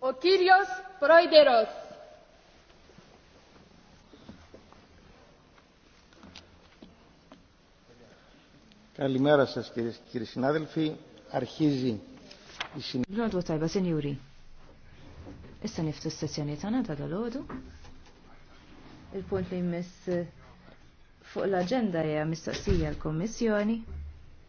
Ο κύριος Πρόεδρος. Καλημέρα σας κύριε, κύριοι συνάδελφοι. Αρχίζει η συνέχεια. Λόντου τάιβα, σενιούρι. Issa niftu s-sessjoni tana ta' dal-ħodu. Il-punt li jmiss fuq l-agenda hija mistaqsija l-Kommissjoni.